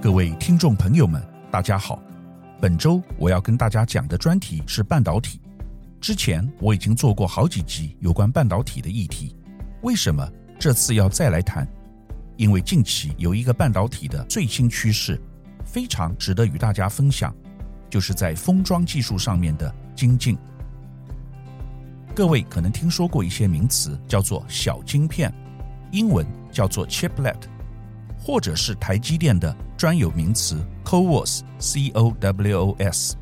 各位聽眾朋友們，大家好。本周我要跟大家講的專題是半導體。之前我已經做過好幾集有關半導體的議題，為什麼這次要再來談？因為近期有一個半導體的最新趨勢，非常值得與大家分享，就是在封裝技術上面的精進。各位可能聽說過一些名詞，叫做小晶片，英文叫做 chiplet。或者是台積電的專有名詞 “CoWos”（C-O-W-O-S），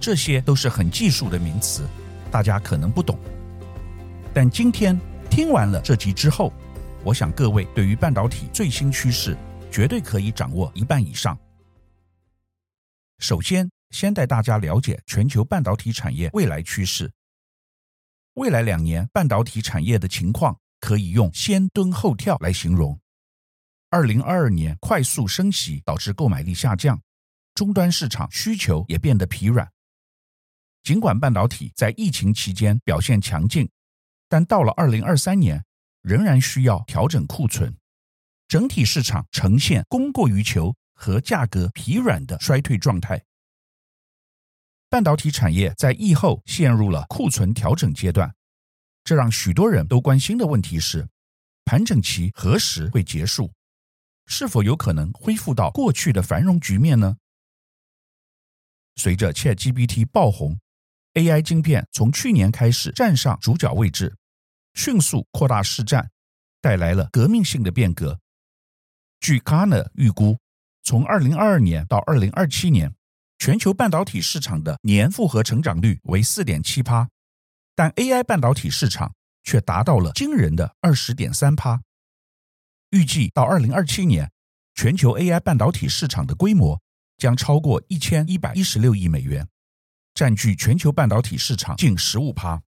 這些都是很技術的名詞，大家可能不懂。但今天聽完了這集之後，我想各位對於半導體最新趨勢絕對可以掌握一半以上。首先，先帶大家了解全球半導體產業未來趨勢。未來兩年半導體產業的情況可以用“先蹲後跳”來形容。二零二二年快速升息導致購買力下降，終端市場需求也變得疲軟。儘管半導體在疫情期間表現強勁，但到了二零二三年，仍然需要調整庫存。整體市場呈現供過於求和價格疲軟的衰退狀態。半導體產業在疫後陷入了庫存調整階段，這讓許多人都關心的問題是：盤整期何時會結束？是否有可能恢復到過去的繁榮局面呢？隨着 ChatGPT 爆紅，AI 晶片從去年開始站上主角位置，迅速擴大市占，帶來了革命性的變革。據 Gartner 預估，從二零二二年到二零二七年，全球半導體市場的年複合成長率為四點七趴，但 AI 半導體市場卻達到了驚人的二十點三趴。預計到二零二七年，全球 AI 半導體市場的規模將超過一千一百一十六億美元，占據全球半導體市場近十五趴。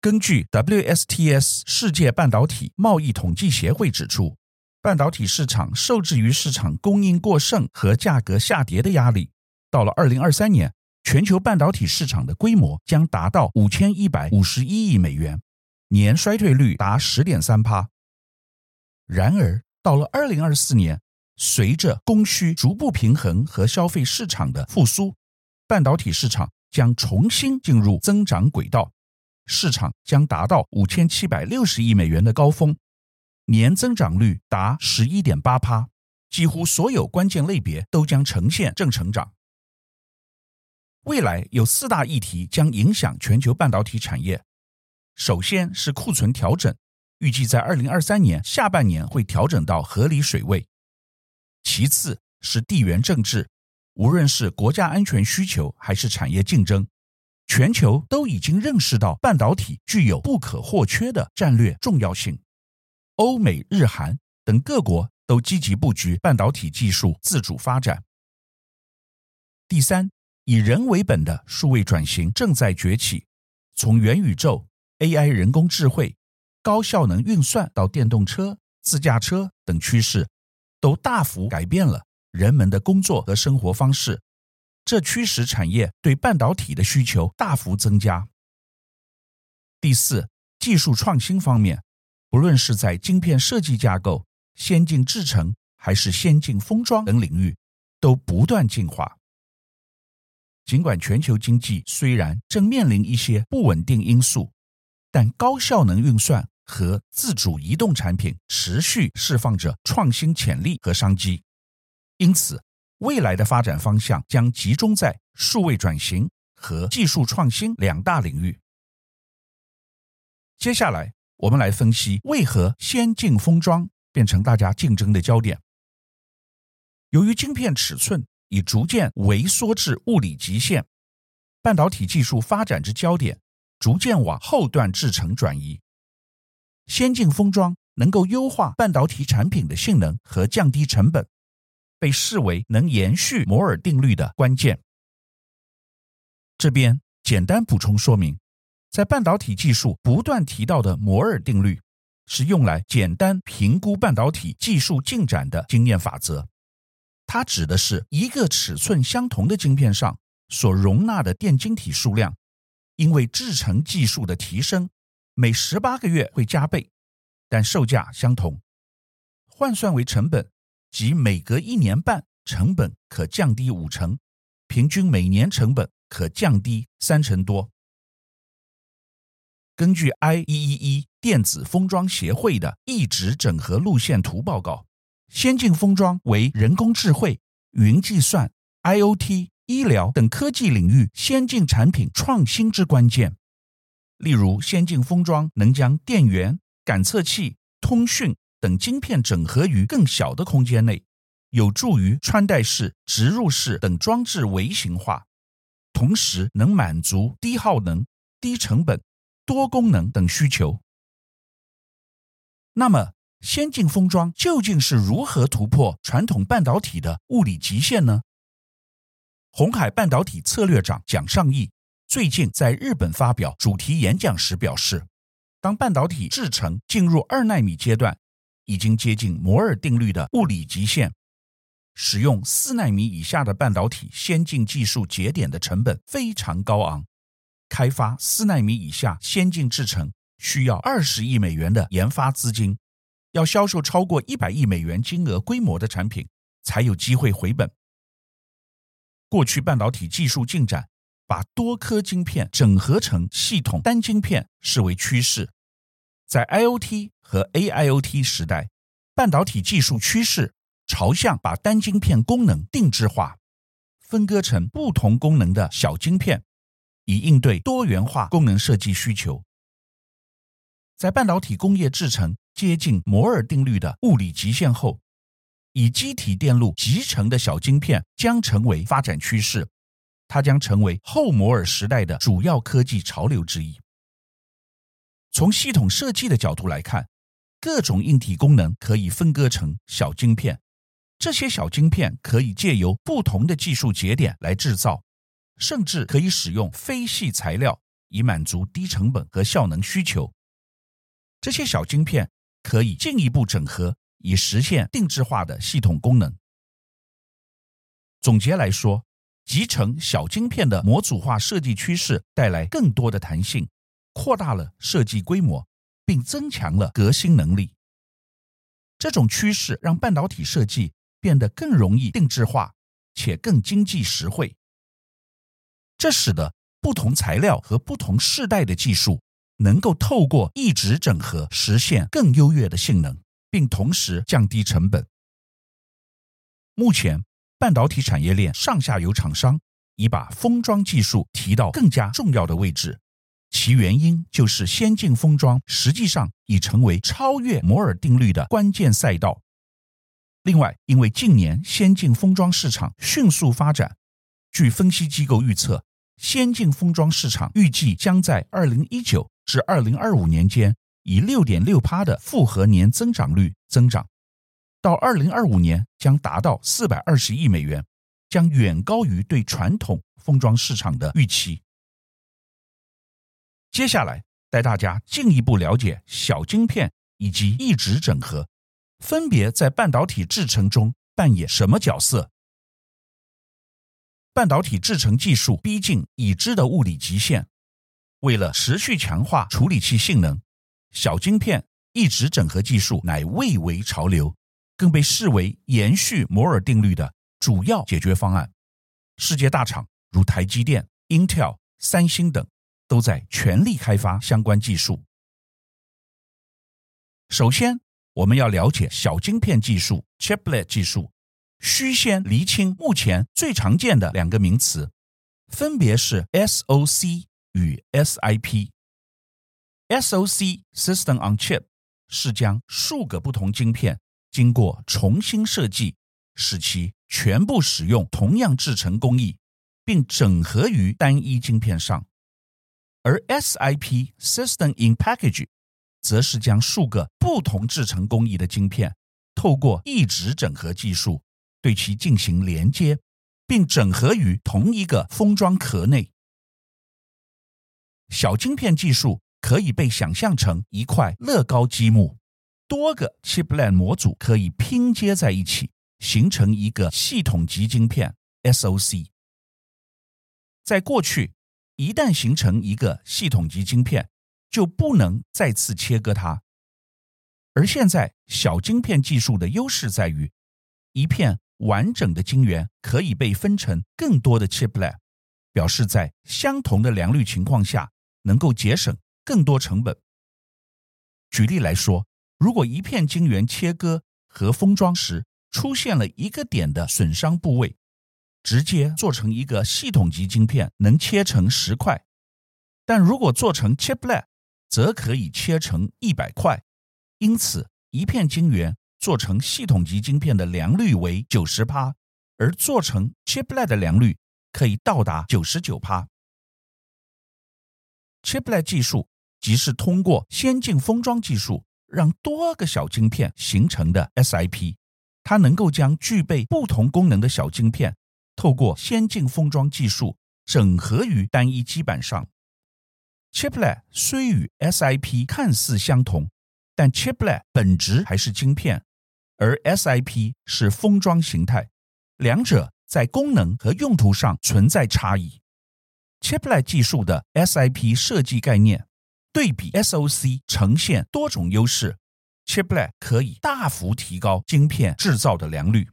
根據 WSTS 世界半導體貿易統計協會指出，半導體市場受制於市場供應過剩和價格下跌的壓力，到了二零二三年，全球半導體市場的規模將達到五千一百五十一億美元，年衰退率達十點三趴。然而，到了二零二四年，隨着供需逐步平衡和消費市場的復甦，半導體市場將重新進入增長軌道，市場將達到五千七百六十億美元的高峰，年增長率達十一點八趴，幾乎所有關鍵類別都將呈現正成長。未來有四大議題將影響全球半導體產業，首先是庫存調整。預計在二零二三年下半年會調整到合理水位。其次，是地緣政治，無論是國家安全需求還是產業競爭，全球都已經認識到半導體具有不可或缺的戰略重要性。歐美日韓等各國都積極布局半導體技術自主發展。第三，以人為本的數位轉型正在崛起，從元宇宙、AI 人工智慧、高效能運算到電動車、自駕車等趨勢，都大幅改變了人們的工作和生活方式，這驅使產業對半導體的需求大幅增加。第四，技術創新方面，不論是在晶片設計架構、先進製程還是先進封裝等領域，都不斷進化。儘管全球經濟雖然正面臨一些不穩定因素，但高效能運算和自主移動產品持續釋放着創新潛力和商機，因此未來的發展方向將集中在數位轉型和技術創新兩大領域。接下來，我們來分析為何先進封裝變成大家競爭的焦點。由於晶片尺寸已逐漸萎縮至物理極限，半導體技術發展之焦點逐漸往後段制程轉移。先進封裝能夠優化半導體產品的性能和降低成本，被視為能延續摩爾定律的關鍵。這邊簡單補充說明，在半導體技術不斷提到的摩爾定律，是用來簡單評估半導體技術進展的經驗法則。它指的是一個尺寸相同的晶片上所容納的電晶體數量，因為製程技術的提升。每十八個月會加倍，但售價相同。換算為成本，即每隔一年半成本可降低五成，平均每年成本可降低三成多。根據 IEEE 電子封裝協會的異質整合路線圖報告，先進封裝為人工智慧、雲計算、IOT、醫療等科技領域先進產品創新之關鍵。例如，先進封裝能將電源、感測器、通訊等晶片整合於更小的空間內，有助於穿戴式、植入式等裝置微型化，同時能滿足低耗能、低成本、多功能等需求。那麼，先進封裝究竟是如何突破傳統半導體的物理極限呢？鴻海半導體策略長蔣尚義。最近在日本發表主題演講時表示，當半導體製程進入二奈米階段，已經接近摩爾定律的物理極限。使用四奈米以下的半導體先進技術節點的成本非常高昂，開發四奈米以下先進製程需要二十億美元的研發資金，要銷售超過一百億美元金額規模的產品才有機會回本。過去半導體技術進展。把多顆晶片整合成系統單晶片視為趨勢，在 IoT 和 AIoT 時代，半導體技術趨勢朝向把單晶片功能定制化，分割成不同功能的小晶片，以應對多元化功能設計需求。在半導體工業製程接近摩爾定律的物理極限後，以機體電路集成的小晶片將成為發展趨勢。它將成為後摩爾時代的主要科技潮流之一。從系統設計的角度來看，各種硬體功能可以分割成小晶片，這些小晶片可以借由不同的技術節點來制造，甚至可以使用非矽材料以滿足低成本和效能需求。這些小晶片可以進一步整合，以實現定製化的系統功能。總結來說。集成小晶片的模組化設計趨勢帶來更多的彈性，擴大了設計規模，並增強了革新能力。這種趨勢讓半導體設計變得更容易定制化且更經濟實惠。這使得不同材料和不同世代的技術能夠透過異質整合實現更優越的性能，並同時降低成本。目前。半導體產業鏈上下游廠商已把封裝技術提到更加重要的位置，其原因就是先進封裝實際上已成為超越摩爾定律的關鍵賽道。另外，因為近年先進封裝市場迅速發展，據分析機構預測，先進封裝市場預計將在二零一九至二零二五年間以六點六趴的複合年增長率增長。到二零二五年將達到四百二十億美元，將遠高於對傳統封裝市場的預期。接下來帶大家進一步了解小晶片以及異質整合，分別在半導體制程中扮演什麼角色？半導體制程技術逼近已知的物理極限，為了持續強化處理器性能，小晶片異質整合技術乃蔚為潮流。更被視為延續摩爾定律的主要解決方案。世界大廠如台積電、Intel、三星等，都在全力開發相關技術。首先，我們要了解小晶片技術 （Chiplet） 技術，需先釐清目前最常見的兩個名詞，分別是 SOC 與 SIP。SOC（System on Chip） 是將數個不同晶片。經過重新設計，使其全部使用同樣製程工藝，並整合於單一晶片上；而 SIP（System in Package） 則是將數個不同製程工藝的晶片，透過異質整合技術對其進行連接，並整合於同一個封裝殼內。小晶片技術可以被想象成一塊樂高積木。多個 Chiplet 模組可以拼接在一起，形成一個系統級晶片 （SoC）。在過去，一旦形成一個系統級晶片，就不能再次切割它。而現在，小晶片技術的優勢在於，一片完整的晶圓可以被分成更多的 Chiplet，表示在相同的良率情況下，能夠節省更多成本。舉例來說，如果一片晶圓切割和封裝時出現了一個點的損傷部位，直接做成一個系統級晶片能切成十塊；但如果做成 Chiplet，則可以切成一百塊。因此，一片晶圓做成系統級晶片的良率為九十帕，而做成 Chiplet 的良率可以到達九十九帕。Chiplet 技術即是通過先進封裝技術。讓多個小晶片形成的 SIP，它能夠將具備不同功能的小晶片，透過先進封裝技術整合於單一基板上。Chiplet 雖與 SIP 看似相同，但 Chiplet 本質還是晶片，而 SIP 是封裝形態，兩者在功能和用途上存在差異。Chiplet 技術的 SIP 設計概念。對比 SoC 呈現多種優勢，Chiplet 可以大幅提高晶片製造的良率。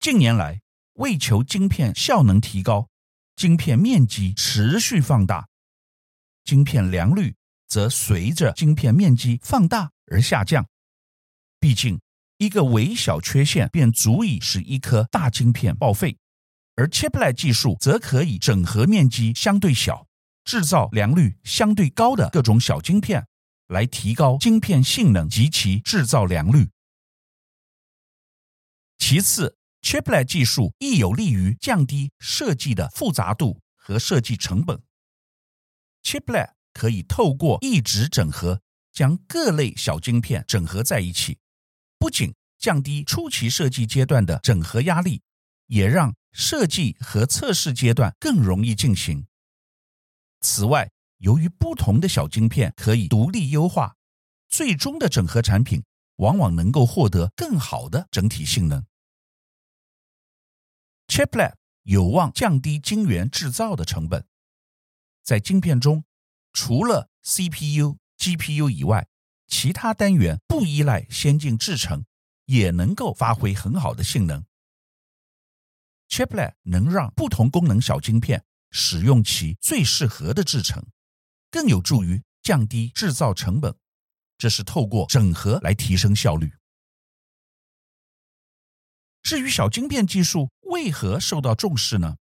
近年來，為求晶片效能提高，晶片面積持續放大，晶片良率則隨着晶片面積放大而下降。畢竟，一個微小缺陷便足以使一顆大晶片報廢，而 Chiplet 技術則可以整合面積相對小。製造良率相對高的各種小晶片，來提高晶片性能及其製造良率。其次，Chiplet 技術亦有利於降低設計的複雜度和設計成本。Chiplet 可以透過異質整合，將各類小晶片整合在一起，不僅降低初期設計階段的整合壓力，也讓設計和測試階段更容易進行。此外，由於不同的小晶片可以獨立優化，最終的整合產品往往能夠獲得更好的整體性能。Chiplet 有望降低晶圓製造的成本。在晶片中，除了 CPU、GPU 以外，其他單元不依賴先進製程，也能夠發揮很好的性能。Chiplet 能讓不同功能小晶片。使用其最適合的製程，更有助於降低製造成本。這是透過整合來提升效率。至於小晶片技術為何受到重視呢？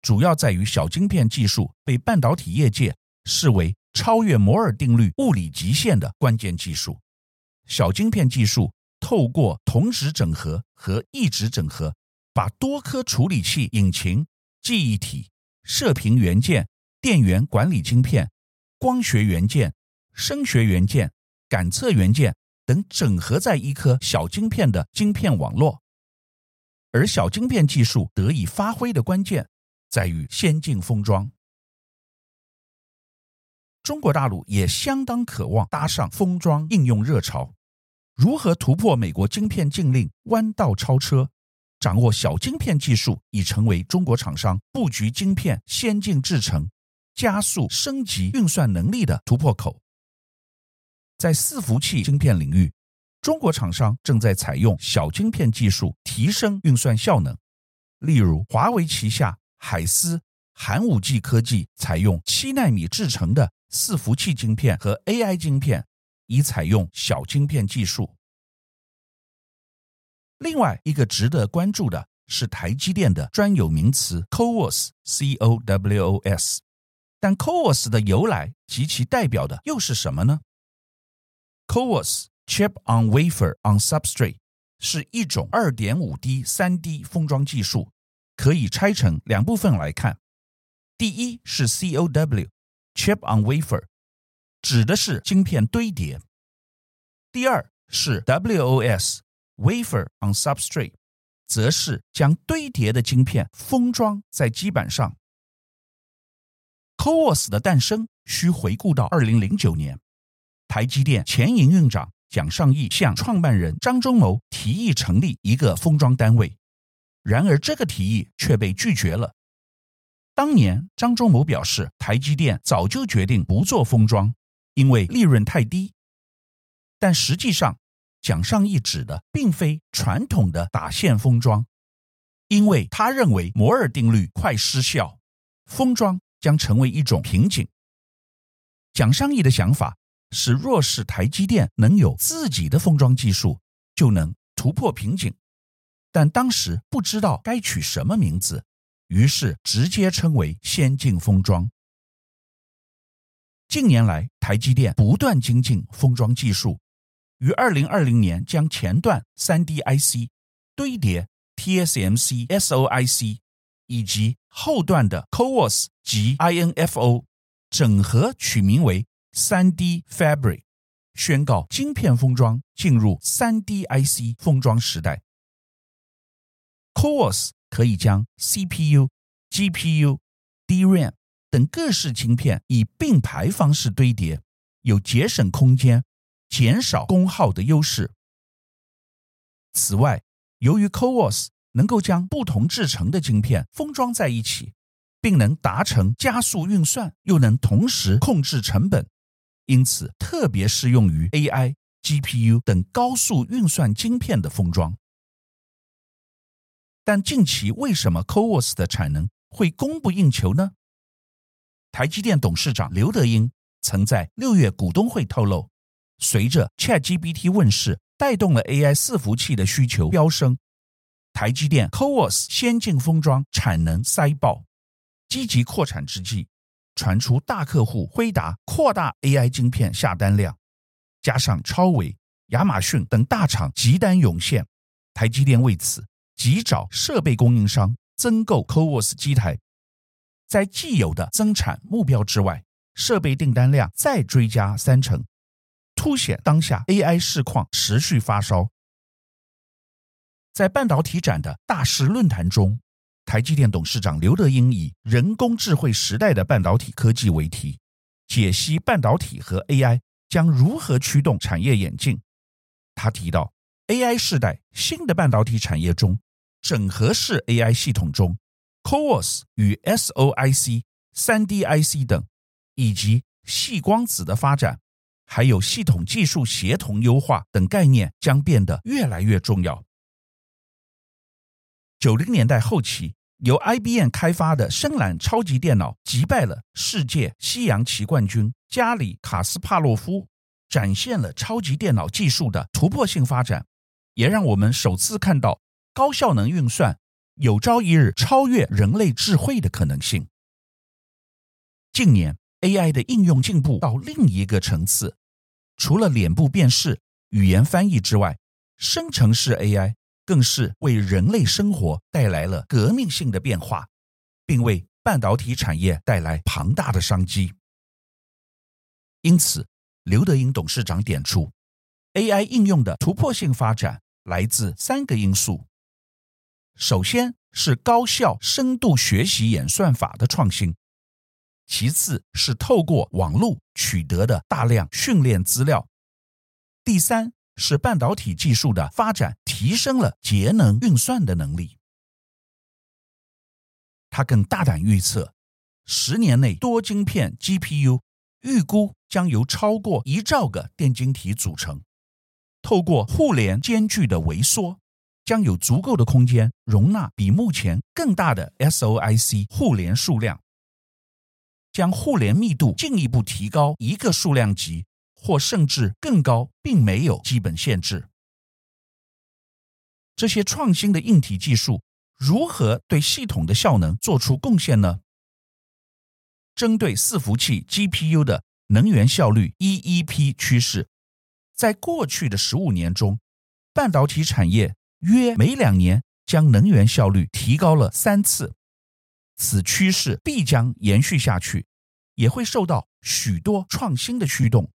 主要在於小晶片技術被半導體業界視為超越摩爾定律物理極限的關鍵技術。小晶片技術透過同質整合和異質整合，把多顆處理器引擎、記憶體。射頻元件、電源管理晶片、光學元件、聲學元件、感測元件等整合在一顆小晶片的晶片網絡，而小晶片技術得以發揮的關鍵，在於先進封裝。中國大陸也相當渴望搭上封裝應用熱潮，如何突破美國晶片禁令，彎道超車？掌握小晶片技術已成為中國廠商佈局晶片先進製程、加速升級運算能力的突破口。在伺服器晶片領域，中國廠商正在採用小晶片技術提升運算效能。例如，華為旗下海思、寒武紀科技採用七納米制程的伺服器晶片和 AI 晶片，已採用小晶片技術。另外一個值得關注的是台積電的專有名詞 c o w a s c O W O S。但 c o w a s 的由來及其代表的又是什麼呢？c o w a s c h i p on Wafer on Substrate） 是一種二點五 D 三 D 封裝技術，可以拆成兩部分來看：第一是 “COW”（Chip on Wafer），指的是晶片堆疊；第二是 “WOS”。Wafer on substrate，則是將堆疊的晶片封裝在基板上。CoWoS 的誕生需回顧到二零零九年，台積電前營運長蔣尚義向創辦人張忠謀提議成立一個封裝單位，然而這個提議卻被拒絕了。當年張忠謀表示，台積電早就決定不做封裝，因為利潤太低。但實際上。蔣尚義指的並非傳統的打線封裝，因為他認為摩爾定律快失效，封裝將成為一種瓶頸。蔣尚義的想法是，若是台積電能有自己的封裝技術，就能突破瓶頸。但當時不知道該取什麼名字，於是直接稱為先進封裝。近年來，台積電不斷精進封裝技術。於二零二零年，將前段 3D IC 堆疊 TSMC SOIC 以及後段的 CoWoS 及 INFO 整合，取名為 3D Fabric，宣告晶片封裝進入 3D IC 封裝時代。CoWoS 可以將 CPU、GPU、DRAM 等各式晶片以並排方式堆疊，有節省空間，減少功耗的優勢。此外，由於 CoWoS 能夠將不同製程的晶片封裝在一起，並能達成加速運算，又能同時控制成本，因此特別適用於 AI、GPU 等高速運算晶片的封裝。但近期為什麼 CoWoS 的產能會供不應求呢？台積電董事長劉德英曾在六月股東會透露。隨着 ChatGPT 問世，帶動了 AI 伺服器的需求飆升，台積電 CoWoS 先進封裝產能塞爆，積極擴產之際，傳出大客戶輝達擴大 AI 晶片下單量，加上超微、亞馬遜等大廠急單湧現，台積電為此急找設備供應商增購 CoWoS 機台，在既有的增產目標之外，設備訂單量再追加三成。凸顯當下 AI 市況持續發燒，在半導體展的大師論壇中，台積電董事長劉德音以“人工智慧時代的半導體科技”為題，解析半導體和 AI 將如何驅動產業演進。他提到，AI 時代新的半導體產業中，整合式 AI 系統中，CoWoS 與 SOIC、3DIC 等，以及矽光子的發展。還有系統技術協同優化等概念，將變得越來越重要。九零年代後期，由 IBM 開發的深藍超級電腦擊敗了世界西洋棋冠軍加里卡斯帕洛夫，展現了超級電腦技術的突破性發展，也讓我們首次看到高效能運算有朝一日超越人類智慧的可能性。近年，AI 的應用進步到另一個層次。除了臉部辨識、語言翻譯之外，生成式 AI 更是為人類生活帶來了革命性的變化，並為半導體產業帶來龐大的商機。因此，劉德音董事長點出，AI 應用的突破性發展來自三個因素：首先是高效深度學習演算法的創新。其次是透過網路取得的大量訓練資料，第三是半導體技術的發展提升了節能運算的能力。他更大膽預測，十年內多晶片 GPU 預估將由超過一兆個電晶體組成。透過互聯間距的微縮，將有足夠的空間容納比目前更大的 SoIC 互聯數量。將互聯密度進一步提高一個數量級，或甚至更高，並沒有基本限制。這些創新的硬體技術如何對系統的效能做出貢獻呢？針對伺服器 GPU 的能源效率 E-E-P 趨勢，在過去的十五年中，半導體產業約每兩年將能源效率提高了三次，此趨勢必將延續下去。也會受到許多創新的驅動，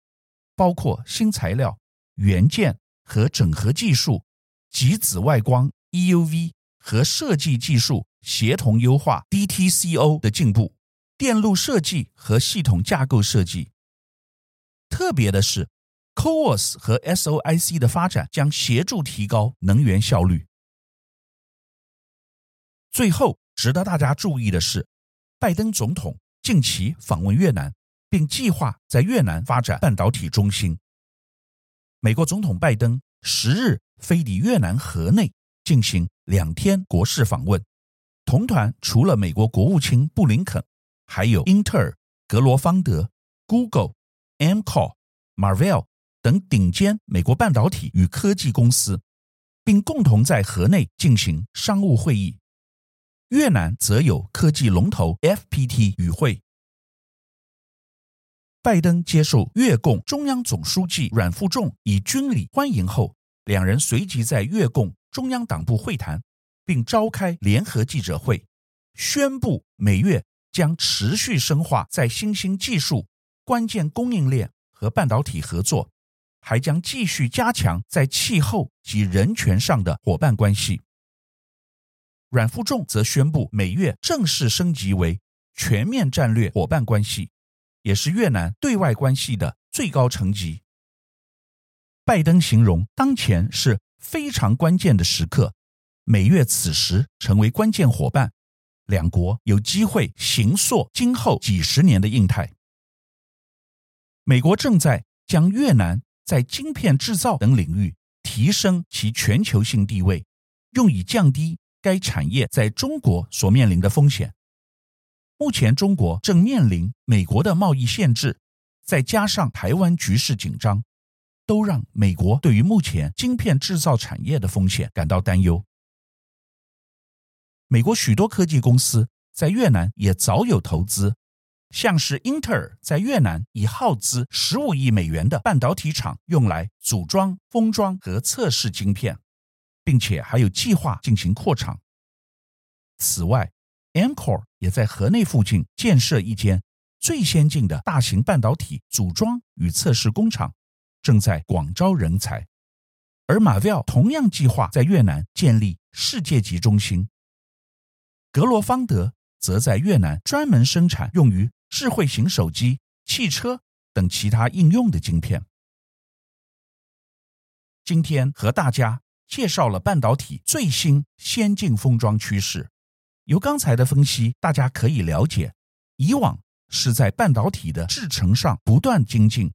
包括新材料、元件和整合技術、極紫外光 （EUV） 和設計技術協同優化 DTCO 的進步、電路設計和系統架構設計。特別的是，CoWoS 和 SOIC 的發展將協助提高能源效率。最後，值得大家注意的是，拜登總統。近期訪問越南，並計劃在越南發展半導體中心。美國總統拜登十日飛抵越南河內進行兩天國事訪問，同團除了美國國務卿布林肯，還有英特爾、格羅方德、Google、MCall、Marvell 等頂尖美國半導體與科技公司，並共同在河內進行商務會議。越南則有科技龍頭 FPT 與會。拜登接受越共中央總書記阮富仲以軍禮歡迎後，兩人隨即在越共中央黨部會談，並召開聯合記者會，宣布美越將持續深化在新興技術、關鍵供應鏈和半導體合作，還將繼續加強在氣候及人權上的夥伴關係。阮富仲則宣布，美越正式升級為全面戰略夥伴關係，也是越南對外關係的最高層級。拜登形容當前是非常關鍵的時刻，美越此時成為關鍵夥伴，兩國有機會形塑今後幾十年的印太。美國正在將越南在晶片製造等領域提升其全球性地位，用以降低。該產業在中國所面臨的風險，目前中國正面臨美國的貿易限制，再加上台灣局勢緊張，都讓美國對於目前晶片製造產業的風險感到擔憂。美國許多科技公司在越南也早有投資，像是英特爾在越南以耗資十五億美元的半導體廠，用來組裝、封裝和測試晶片。並且還有計劃進行擴產。此外，Amkor 也在河內附近建設一間最先進的大型半導體組裝與測試工廠，正在廣招人才。而 Marvell 同樣計劃在越南建立世界級中心。格羅方德則在越南專門生產用於智慧型手機、汽車等其他應用的晶片。今天和大家介紹了半導體最新先進封裝趨勢。由剛才的分析，大家可以了解，以往是在半導體的制程上不斷精進，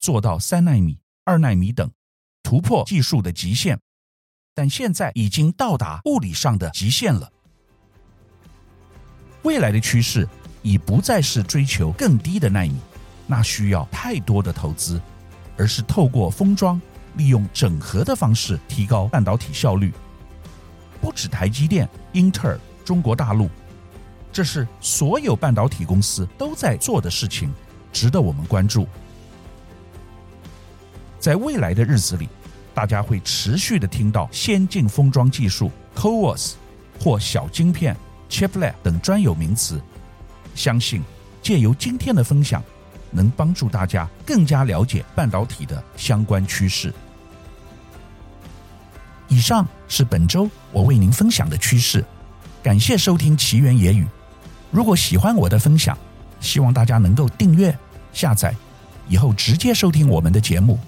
做到三奈米、二奈米等，突破技術的極限。但現在已經到達物理上的極限了。未來的趨勢已不再是追求更低的奈米，那需要太多的投資，而是透過封裝。利用整合的方式提高半導體效率，不止台積電、英特爾、中國大陸，這是所有半導體公司都在做的事情，值得我們關注。在未來的日子裡，大家會持續的聽到先進封裝技術、CoWos 或小晶片、Chiplet 等專有名詞。相信借由今天的分享。能幫助大家更加了解半導體的相關趨勢。以上是本周我為您分享的趨勢，感謝收聽奇緣野語。如果喜歡我的分享，希望大家能夠訂閱、下載，以後直接收聽我們的節目。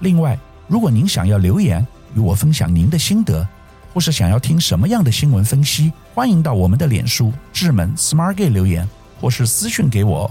另外，如果您想要留言與我分享您的心得，或是想要聽什麼樣的新聞分析，歡迎到我們的臉書智門 SmartGate 留言，或是私訊給我。